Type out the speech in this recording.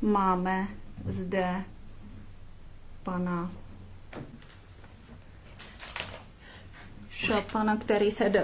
Máme zde pana Chopina, který se